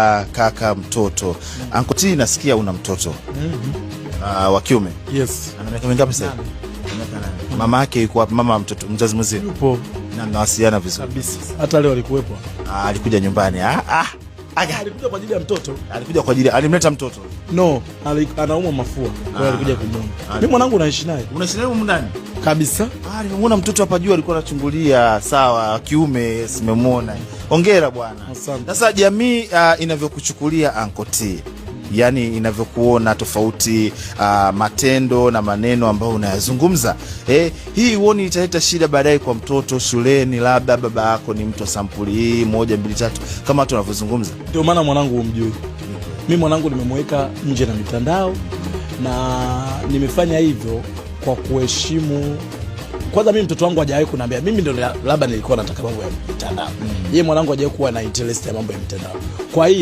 uh, kaka mtoto mm. ankoti nasikia una mtoto mm-hmm. uh, wa kiume yes. Ana miaka mingapi sa Mama yake yuko Mama mtoto mzazi mzima nawasiliana na leo alikuwepo, ah, alikuja nyumbani. Ah, ah, alikuja kwa ajili ya mtoto, alikuja kwa ajili alimleta mtoto No, anaumwa mafua. Kwa hiyo ah, alikuja kumuona. Ah, ah. mi mwanangu naishi naye. Unaishi naye huko ndani? Kabisa. Ah, nimemuona mtoto hapa juu alikuwa anachungulia, sawa, kiume simemuona. Hongera bwana. Sasa jamii uh, inavyokuchukulia ankoti T. Yaani inavyokuona tofauti uh, matendo na maneno ambayo unayazungumza. Eh, hii huoni italeta shida baadaye kwa mtoto shuleni, labda baba yako ni mtu wa sampuli hii moja mbili tatu kama tunavyozungumza. Ndio maana mwanangu umjui Mi mwanangu nimemweka nje na mitandao, na nimefanya hivyo kwa kuheshimu kwanza mi mtoto wangu hajawai kunaambia mimi ndo labda nilikuwa nataka mambo ya mitandao. Mm. Yeye mwanangu hajawai kuwa na interest ya mambo ya mitandao. Kwa hiyo